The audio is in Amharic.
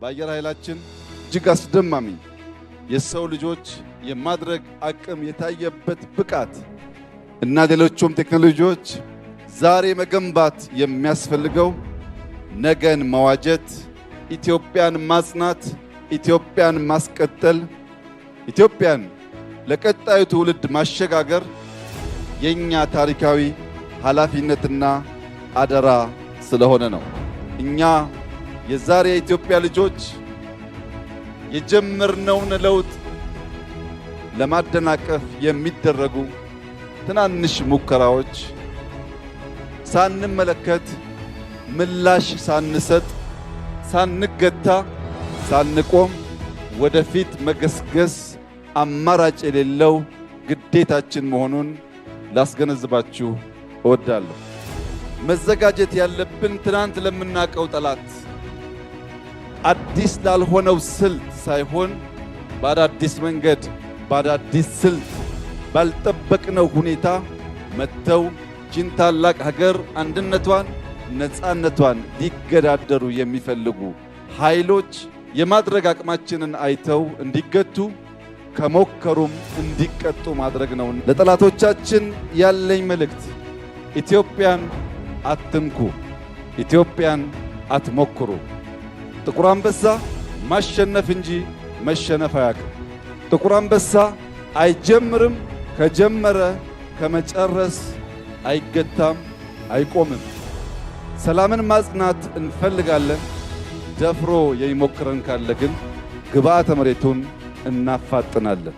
በአየር ኃይላችን እጅግ አስደማሚ የሰው ልጆች የማድረግ አቅም የታየበት ብቃት እና ሌሎቹም ቴክኖሎጂዎች ዛሬ መገንባት የሚያስፈልገው ነገን መዋጀት፣ ኢትዮጵያን ማጽናት፣ ኢትዮጵያን ማስቀጠል፣ ኢትዮጵያን ለቀጣዩ ትውልድ ማሸጋገር የኛ ታሪካዊ ኃላፊነትና አደራ ስለሆነ ነው። እኛ የዛሬ የኢትዮጵያ ልጆች የጀመርነውን ለውጥ ለማደናቀፍ የሚደረጉ ትናንሽ ሙከራዎች ሳንመለከት፣ ምላሽ ሳንሰጥ፣ ሳንገታ፣ ሳንቆም ወደፊት መገስገስ አማራጭ የሌለው ግዴታችን መሆኑን ላስገነዝባችሁ እወዳለሁ። መዘጋጀት ያለብን ትናንት ለምናቀው ጠላት አዲስ ላልሆነው ስልት ሳይሆን በአዳዲስ መንገድ በአዳዲስ ስልት ባልጠበቅነው ሁኔታ መጥተው ችን ታላቅ ሀገር አንድነቷን፣ ነፃነቷን ሊገዳደሩ የሚፈልጉ ኃይሎች የማድረግ አቅማችንን አይተው እንዲገቱ ከሞከሩም እንዲቀጡ ማድረግ ነው። ለጠላቶቻችን ያለኝ መልእክት ኢትዮጵያን አትንኩ፣ ኢትዮጵያን አትሞክሩ። ጥቁር አንበሳ ማሸነፍ እንጂ መሸነፍ አያውቅም። ጥቁር አንበሳ አይጀምርም፣ ከጀመረ ከመጨረስ አይገታም፣ አይቆምም። ሰላምን ማጽናት እንፈልጋለን። ደፍሮ የሚሞክረን ካለ ግን ግብዓተ መሬቱን እናፋጥናለን።